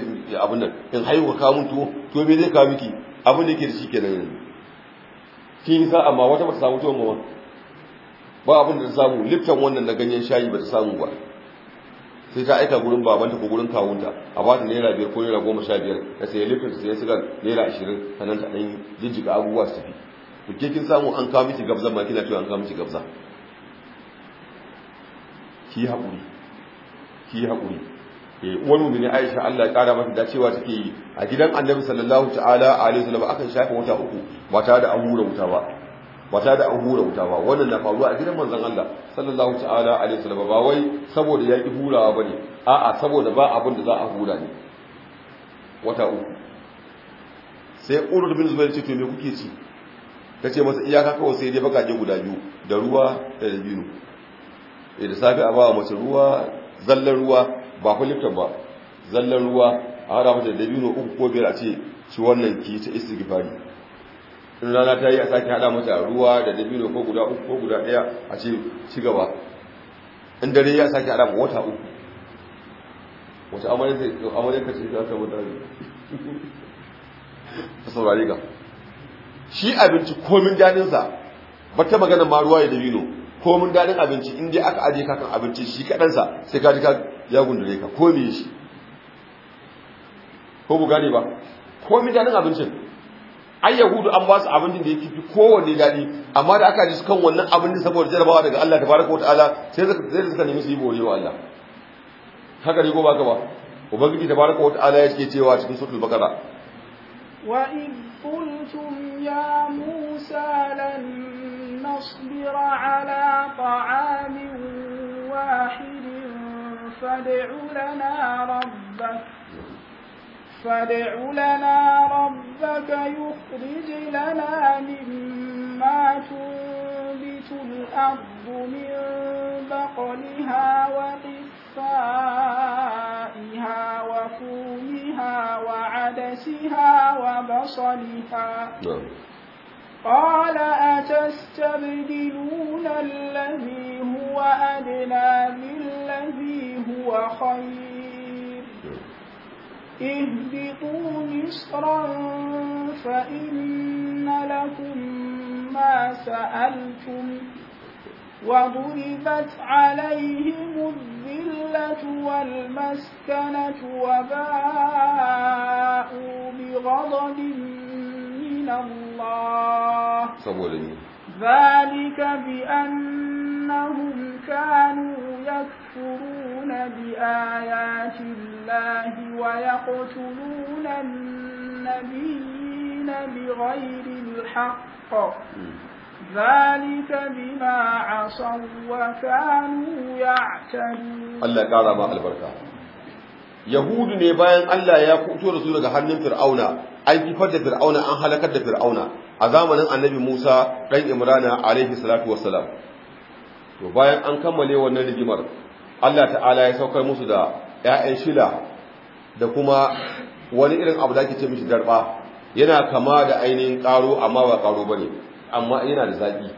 [SPEAKER 2] abin nan in haihu ka kawo mun tuwo to me zai kawo miki abin da yake da shi kenan yanzu kin yi amma wata ba ta samu tuwon ba ba abin da ta samu liftan wannan na ganyen shayi ba ta samu ba sai ta aika gurin babanta ko gurin kawunta a ba ta naira biyar ko naira goma sha biyar ta sayi lifin ta sayi sigar naira ashirin sannan ta ɗan jijjiga abubuwa su fi to ke kin samu an kawo miki gabza ma kina cewa an kawo miki gabza ki haƙuri ki haƙuri eh, uwar mumini aisha Allah ya ƙara mata dacewa take yi a gidan annabi sallallahu ta'ala alaihi wasallam akan shafe wata uku ba tare da an hura wuta ba ba ta da an hura wuta ba wannan na faruwa a gidan manzon Allah sallallahu ta'ala alaihi wasallam ba wai saboda ya ki hurawa bane a'a saboda ba abin da za a hura ne wata uku sai urud bin zubair ce to me kuke ci kace masa iyaka kawai sai dai bakaje guda biyu da ruwa da dabino eh da safi a ba mace ruwa zallan ruwa ba ku liftan ba zallan ruwa a hada mata da dabino uku ko biyar a ce ci wannan ki ta istighfari in rana ta yi a sake hada mata ruwa da dabino ko guda uku ko guda daya a ce ci gaba in dare ya sake hada ma wata uku wata amurka ce ta wata ne? ta saurari ga shi abinci komin daninsa ba ta magana ma ruwa ya dabino komin danin abinci inda aka aje kakan abinci shi kadansa sai ka ji ka ya gundure ka komi shi ko bu gane ba komin danin abincin ai yahudu an ba su abincin da yake fi kowanne daɗi amma da aka ji kan wannan abin da saboda jarabawa daga Allah tabaraka wataala sai sai suka nemi su yi borewa Allah haka ne ko ba ka ba ubangiji tabaraka wataala yake cewa cikin suratul baqara
[SPEAKER 1] wa in قلتم يا موسى لن نصبر على طعام واحد فادع لنا ربك فادع لنا ربك يخرج لنا مما تنبت الأرض من بقلها وقفائها وفومها وعدسها وبصلها نعم. قال أتستبدلون الذي هو أدنى بالذي هو خير اهبطوا مصرا فإن لكم ما سألتم وضربت عليهم الذلة والمسكنة وباءوا بغضب من الله ذلك بأنهم كانوا يكفرون بآيات الله ويقتلون النبيين بغير الحق ذلك بما عصوا وكانوا
[SPEAKER 2] يعتدون الله قال ما البركة yahudu ne bayan Allah ya kuto da su daga hannun fir'auna an kifar da fir'auna an halaka da fir'auna a zamanin annabi musa ɗan imrana alaihi salatu wassalam to bayan an kammale wannan rigimar Allah ta'ala ya saukar musu da ‘ya'yan shila da kuma wani irin abu da ake ce mishi darba yana kama da ainihin ƙaro amma ba ƙaro ba ne amma yana da zaƙi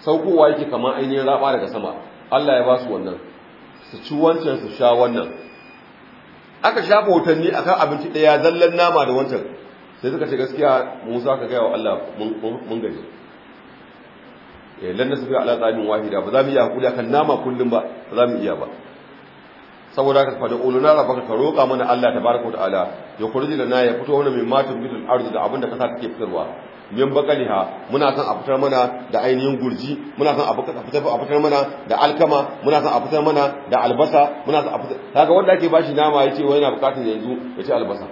[SPEAKER 2] saukowa yake kama ainihin raba daga sama Allah ya ba su wannan su ci wancan su sha wannan aka shafa watanni akan abinci ɗaya zallan nama da wancan sai suka ce gaskiya musa ka gaya wa Allah mun gaji Eh, lan nasbiru ala ta'amin wahida ba za mu iya hakuri akan nama kullum ba ba za mu iya ba saboda haka fada uluna rabbaka ka roƙa mana Allah tabaraka wa ta'ala ya kurji lana ya fito mana min matu bidul ardi da abinda kasa take fitarwa min bakaliha muna san a fitar mana da ainihin gurji muna san a fitar a fitar mana da alkama muna san a fitar mana da albasa muna san a fitar kaga wanda ake bashi nama yace wai yana bukatun yanzu yace albasa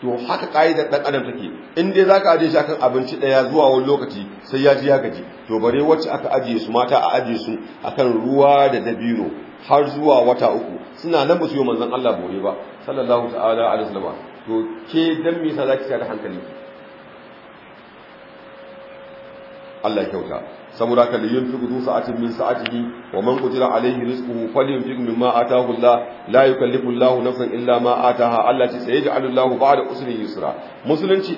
[SPEAKER 2] to haka ka'idar dan adam take in dai zaka aje shi akan abinci daya zuwa wani lokaci sai ya ji ya gaji to bare wacce aka ajiye su mata a ajiye su akan ruwa da dabino har zuwa wata uku suna nan ba su manzon Allah bore ba sallallahu ta'ala alaihi wasallam to ke dan me yasa zaki tsaya da hankali Allah kyauta saboda haka li yunfiqu du sa'atin min sa'atihi wa man qudira alayhi rizquhu min mimma ataahu Allah la yukallifu Allah nafsan illa ma ataha Allah ce sai ja'alu Allah ba'da usri yusra musulunci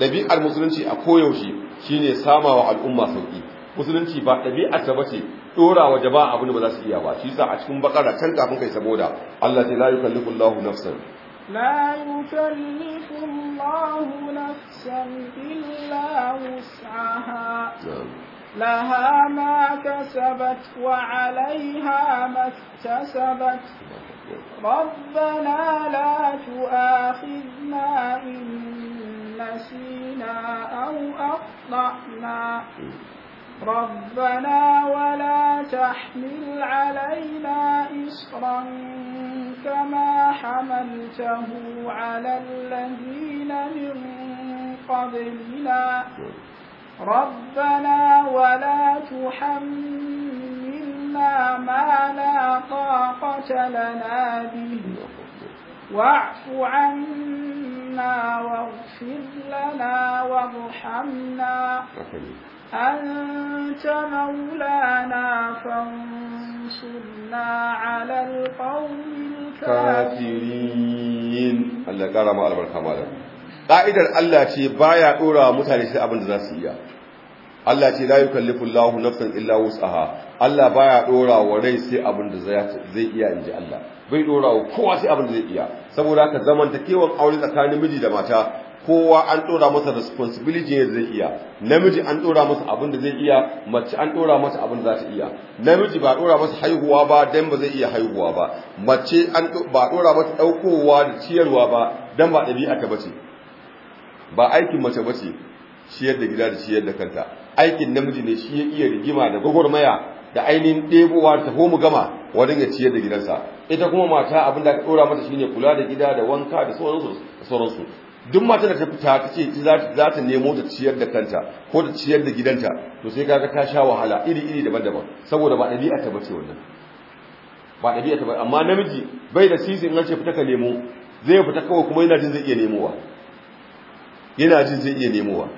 [SPEAKER 2] dabi'ar musulunci a koyaushe shine samawa al'umma sauki musulunci ba ɗabi'ar ta bace dora wa jama'a abin da ba za su iya ba shi yasa a cikin bakara can kafin kai saboda Allah ce la yukallifu Allah nafsan
[SPEAKER 1] لا يكلف الله نفسا إلا وسعها لها ما كسبت وعليها ما اكتسبت ربنا لا تؤاخذنا إن نسينا أو أخطأنا ربنا ولا تحمل علينا إصرا كما حملته على الذين من قبلنا ربنا ولا تحملنا ما لا طاقة لنا به واعف عنا واغفر لنا وارحمنا أنت مولانا فانصرنا على القوم
[SPEAKER 2] الكافرين الله كرم البركة ƙa'idar Allah ce ba ya ɗora mutane sai abin da za su iya Allah ce la yukallifu lahu nafsan illa wus'aha Allah baya ɗora wa rai sai abin da zai iya ji Allah bai ɗora wa kowa sai abin da zai iya saboda haka kewan aure tsakanin miji da mata kowa an ɗora masa responsibility ne zai iya namiji an ɗora masa abin da zai iya mace an ɗora masa abin da za ta iya namiji ba ɗora masa haihuwa ba dan ba zai iya haihuwa ba mace ba ɗora masa ɗaukowa da ciyarwa ba dan ba ɗabi'a ta bace ba aikin mace ce ciyar da gida da ciyar da kanta aikin namiji ne shi ya iya rigima da gwagwarmaya da ainihin ɗebowa ta mu gama wajen ya ciyar da gidansa ita kuma mata abin da aka ɗora mata shine kula da gida da wanka da sauransu duk mata da ta fita ta ce za ta nemo ta ciyar da kanta ko ta ciyar da gidanta to sai kaga ta sha wahala iri iri daban-daban saboda ba ɗabi'a ta bace wannan ba ɗabi'a ta amma namiji bai da sisi in ce fita ka nemo zai fita kawai kuma yana jin zai iya nemowa yana jin zai iya nemowa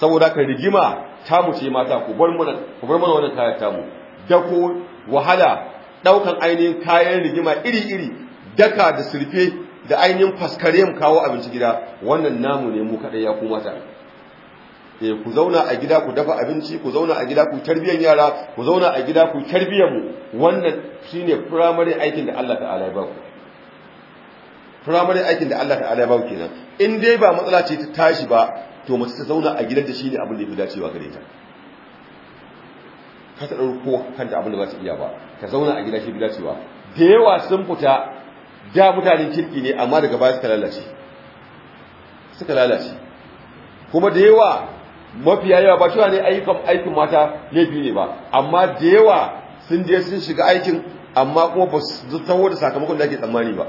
[SPEAKER 2] saboda ka rigima ta mu ce mata ku bar mana ku bar mana wannan kayan tamu dako wahala daukan ainihin kayan rigima iri-iri daka da sirfe da ainihin faskare mu kawo abinci gida wannan namu ne mu kadai ya kuma ta eh ku zauna a gida ku dafa abinci ku zauna a gida ku tarbiyan yara ku zauna a gida ku tarbiyan mu wannan shine primary aikin da Allah ta'ala ya ba primary aikin da Allah ta'ala ya bawo kenan in dai ba matsala ce ta tashi ba to mace ta zauna a gidanta shine abin da yafi dacewa gare ta ka ta dauko kanta abin da ba ta iya ba ta zauna a gida shi bi dacewa da yawa sun fita da mutanen kirki ne amma daga baya suka lalace suka lalace kuma da yawa mafiya yawa ba shi ne ayyukan aikin mata laifi ne ba amma da yawa sun je sun shiga aikin amma kuma ba su taho da sakamakon da ake tsammani ba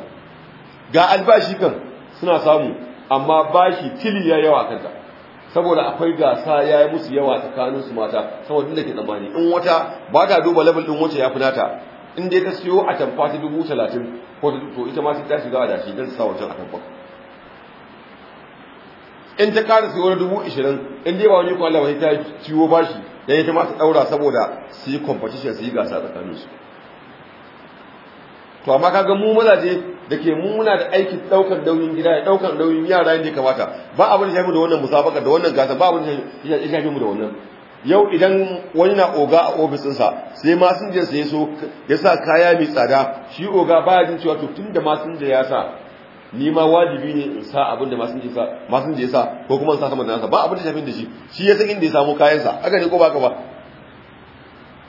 [SPEAKER 2] ga albashi kan suna samu amma bashi tili ya yawa kanta saboda akwai gasa ya yi musu yawa tsakanin su mata saboda inda ke tsammani in wata ba ta duba level din wacce ya fi nata in dai ta siyo a tamfa ta dubu talatin ko ta to ita ma ta shiga a dashi don sa wancan a tamfa in ta kara siyo na dubu ishirin in dai ba wani kwallon wani ta ciwo bashi da ita ma ta daura saboda su yi competition su yi gasa tsakanin su to amma kaga mu mazaje da ke mu muna da aikin daukar nauyin gida da daukar nauyin yara yadda kamata ba abin da shafi da wannan musabaka da wannan gasa ba abin da shafi mu da wannan yau idan wani na oga a ofisinsa sai masinjan sai so ya sa kaya mai tsada shi oga baya jin cewa to tun da masinja ya sa ni ma wajibi ne in sa abin da masinja ya sa ko kuma in sa sama da nasa ba abin da shafin da shi shi ya san inda ya samu kayansa haka ne ko baka ba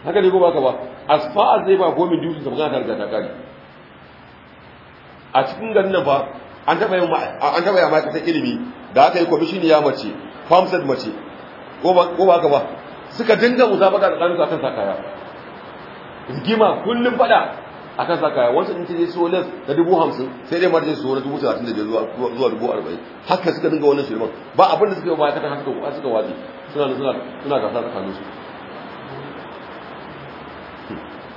[SPEAKER 2] haka ne ko baka ba as far as zai ba komi duty sa magana ta riga ta kare a cikin garin nan ba an taɓa yin an taɓa yin ilimi da aka yi commission ya mace farmstead mace ko ba ka ba suka dinga musabaka da ɗansu akan sakaya rigima kullum faɗa akan sakaya wasu in ce so les da dubu hamsin sai dai marjin so na dubu talatin da zuwa dubu arba'in haka suka dinga wannan shirman ba abin da suka yi kan haka suka watsi suna suna suna gasa tsakaninsu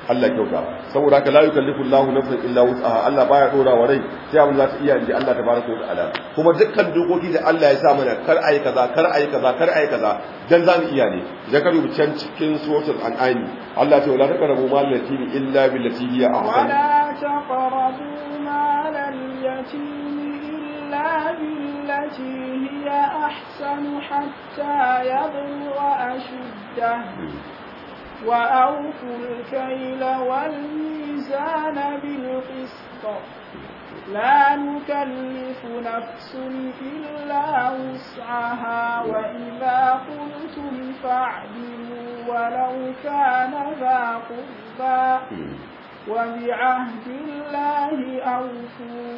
[SPEAKER 2] Allah kyauta saboda haka la yukallifu Allahu nafsan illa wus'aha Allah baya dora wa rai sai abin za ta iya inji Allah tabaraka wa ta'ala kuma dukkan dokoki da Allah ya sa mana kar ayi kaza kar ayi kaza kar ayi kaza dan zamu iya ne da ka can cikin suratul an'am Allah ta wala taqrabu mal yatim illa billati hiya ahsan wala
[SPEAKER 1] taqrabu mal yatim illa billati hiya ahsan hatta yabluwa ashuddahu hmm. وأوفوا الكيل والميزان بالقسط لا نكلف نفس إلا وسعها وإذا قلتم فاعدلوا ولو كان ذا قربى وبعهد الله أوفوا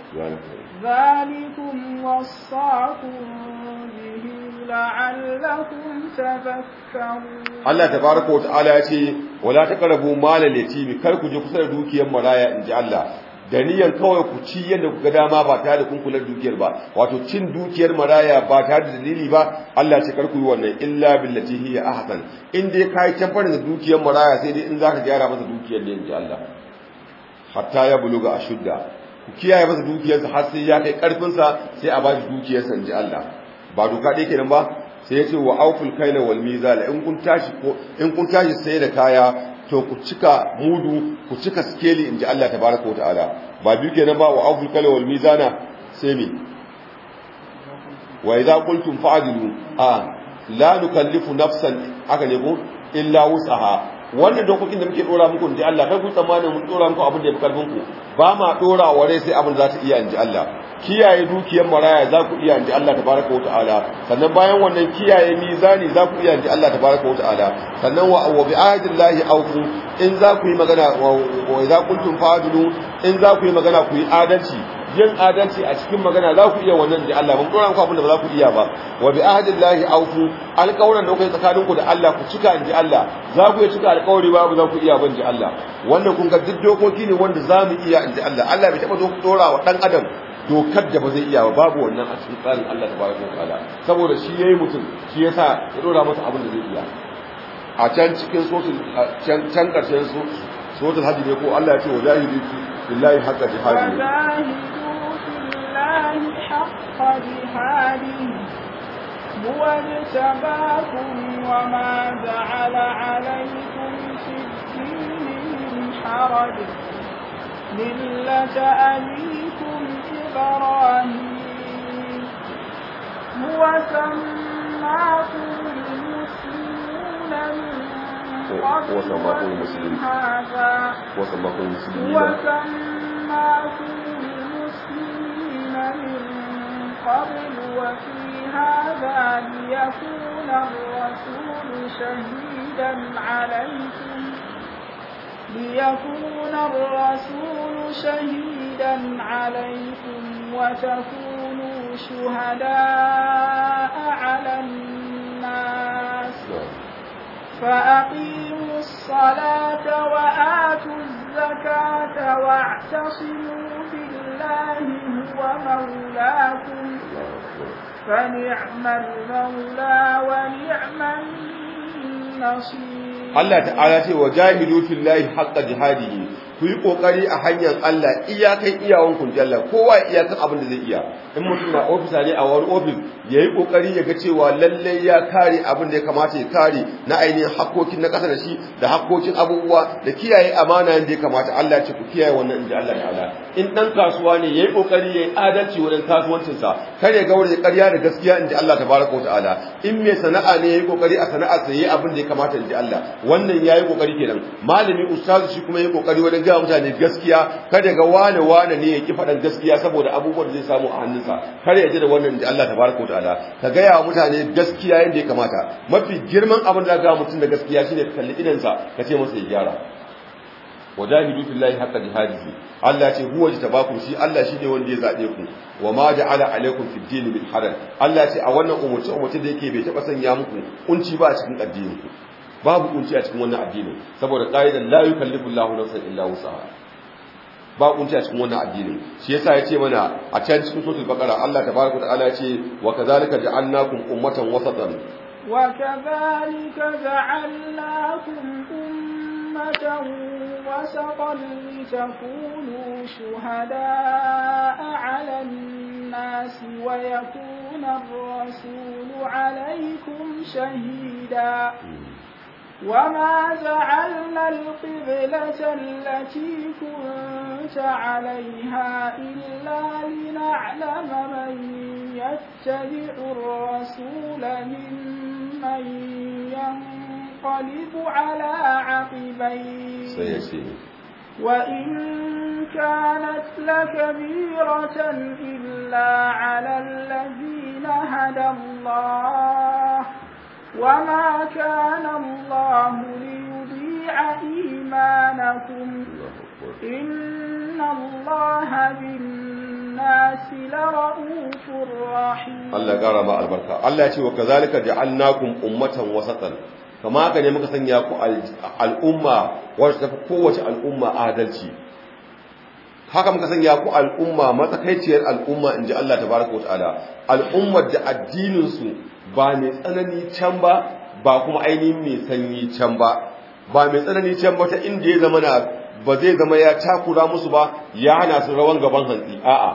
[SPEAKER 1] ذلكم وصاكم به Allah ta fara
[SPEAKER 2] kowace ala ya ce wala taqrabu malal yatimi kar ku je kusa da dukiyar maraya in ji Allah da niyyar kawai ku ci yadda kuka dama ba tare da kunkular dukiyar ba wato cin dukiyar maraya ba tare da dalili ba Allah ce karku yi wannan illa billati hiya hasan, in dai kai tabbar da dukiyar maraya sai dai in zaka gyara masa dukiyar ne ji Allah hatta ya buluga shudda. ku kiyaye masa dukiyarsa har sai ya kai karfin sai a ba shi dukiyarsa ji Allah ba doka ɗaya kenan ba sai ya ce wa auful kaila wal mizal in kun tashi ko in kun tashi sai da kaya to ku cika mudu ku cika skeli inji Allah tabaraka wa ta'ala ba biyu kenan ba wa auful kaila wal mizana sai mi wa idza qultum fa'dilu a la nukallifu nafsan aka ne ko illa wusaha wannan dokokin da muke dora muku inji Allah kai ku tsammanin mun dora muku abin da ya fi karfin ku ba ma dora wa rai sai abin da za ta iya inji Allah kiyaye dukiyar maraya za ku iya inji Allah wata ala sannan bayan wannan kiyaye mizani za ku iya inji Allah wata ala sannan wa wa bi ahdillahi awfu in za ku yi magana wa idza qultum fa'dilu in za ku yi magana ku yi adalci yin adalci a cikin magana za ku iya wannan ji Allah ban dora ku abin da ba za ku iya ba wa bi ahdillahi awfu alƙawarin da kuka yi tsakaninku da Allah ku cika inji Allah za ku iya cika alƙawari ba ba za ku iya ba inji Allah wannan kun ga duk dokoki ne wanda za mu iya inji Allah Allah bai taɓa dora wa ɗan adam dokar da ba zai iya ba babu wannan a cikin tsarin Allah tabaraka ta'ala saboda shi yayi mutum shi yasa ya dora masa abin da zai iya a can cikin sotul can can karshen sotul hadi ne ko Allah ya ce wajahidu billahi haqqa jihadi
[SPEAKER 1] billahi haqqa jihadi هو اجتباكم وما جعل عليكم في الدين من حرج ملة أبيكم إبراهيم هو سماكم المسلمون من قبل وسماكم المسلمين وسماكم المسلمين وسماكم المسلمين من قبل وفي هذا ليكون الرسول شهيدا عليكم ليكون الرسول شهيدا عليكم وتكونوا شهداء على الناس فأقيموا الصلاة وآتوا الزكاة واعتصموا بالله هو مولاكم فنعم المولى ونعم النصير Allah ta'ala
[SPEAKER 2] ce wa jahidu fillahi haqqo jihadihi ku yi kokari a hanyar Allah iyakan iyawan ku jalla kowa iya iyakan abin da zai iya in mutum na ofisa ne a wani ofis ya yi kokari ya ga cewa lalle ya kare abin da ya kamata ya kare na ainihin hakokin na kasa da shi da hakkokin abubuwa da kiyaye amana da ya kamata Allah ce ku kiyaye wannan inji Allah Ala. in dan kasuwa ne yayi kokari yayi adalci wajen kasuwancin sa kare wurin ƙarya da gaskiya inji Allah tabaraka wa ta'ala in mai sana'a ne yi kokari a sana'a sa yayi abin da ya kamata inji Allah wannan yayi kokari kenan malami ustazu shi kuma yayi kokari wajen gaya mutane gaskiya kada ga wane wane ne ya ki faɗan gaskiya saboda abubuwan da zai samu a hannunsa kar ya ji da wannan da Allah tabaraka ta'ala ka gaya mutane gaskiya yadda ya kamata mafi girman abin da ga mutum da gaskiya shine ka kalli sa, ka ce masa ya gyara wajahidu fillahi haqqa jihadihi Allah ce huwa jitabakum shi Allah shine wanda ya zabe ku wa ma ja'ala alaikum fid din bil haraj Allah ce a wannan umurci umurci da yake bai taba sanya muku kunci ba cikin addinin ku babu kunci a cikin wannan addini saboda qaidan la yukallifu Allahu nafsan illa wus'aha ba kunci a cikin wannan addini shi yasa yace mana a can cikin suratul baqara Allah tabaaraka ta'ala yace wa kadhalika ja'alnakum ummatan wasatan
[SPEAKER 1] wa kadhalika ja'alnakum ummatan وسطا لتكونوا شهداء على الناس ويكون الرسول عليكم شهيدا وما جعلنا القبلة التي كنت عليها إلا لنعلم من يتبع الرسول ممن ينقلب على عقبيه وإن كانت لكبيرة إلا على الذين هدى الله وما كان الله ليضيع إيمانكم إن الله بالناس لرؤوف رحيم الله قال ما
[SPEAKER 2] البركة الله يقول وكذلك جعلناكم أمة وسطا kama haka ne muka sanya ku al'umma wacce tafi kowace al'umma adalci haka muka sanya ku al'umma matsakaiciyar al'umma in ji Allah ta tabaraka wata'ala al'ummar da addininsu ba mai tsanani can ba ba kuma ainihin mai sanyi can ba ba mai tsanani can ba ta inda ya zama na ba zai zama ya takura musu ba ya hana su rawan gaban hantsi a'a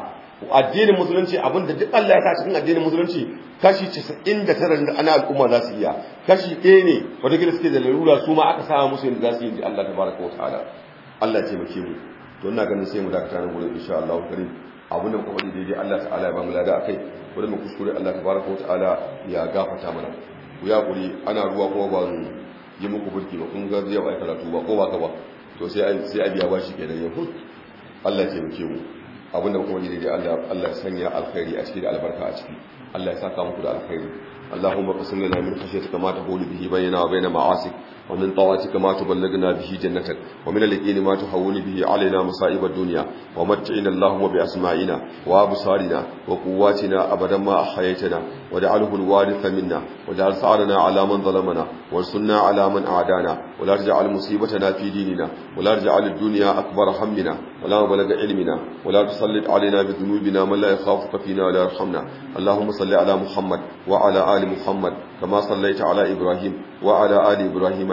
[SPEAKER 2] addinin musulunci abinda duk Allah ya sa cikin addinin musulunci kashi 99 da ana al'umma za su iya kashi ɗaya ne gida suke da lalura su ma aka sa musu yadda za su yi Allah baraka wa ta'ala Allah ya taimake mu to ina ganin sai mu dakata nan gurin insha Allah karim abun da kuma daidai Allah ta'ala ya ba mu lada akai gurin mu kuskure Allah tabaraka ta'ala ya gafarta mana ku ya guri ana ruwa kuma ba mu yi muku burki ba kun ga zai ba karatu ba ko ba ka ba to sai a sai a biya bashi kenan yau Allah ya taimake mu abun da kuma daidai Allah Allah sanya alkhairi a cikin albarka a ciki Allah ya saka muku da alkhairi اللهم قسم لنا من خشيتك ما تقول به بيننا وبين معاصيك ومن طاعتك ما تبلغنا به جنتك ومن اليقين ما تحول به علينا مصائب الدنيا ومتعنا اللهم بأسماعنا وأبصارنا وقواتنا أبدا ما أحييتنا وجعله الوارث منا وجعل ثأرنا على من ظلمنا وانصرنا على من أعدانا ولا تجعل مصيبتنا في ديننا ولا تجعل الدنيا أكبر همنا ولا مبلغ علمنا ولا تسلط علينا بذنوبنا من لا يخافك فينا ولا يرحمنا اللهم صل على محمد وعلى آل محمد كما صليت على إبراهيم وعلى آل إبراهيم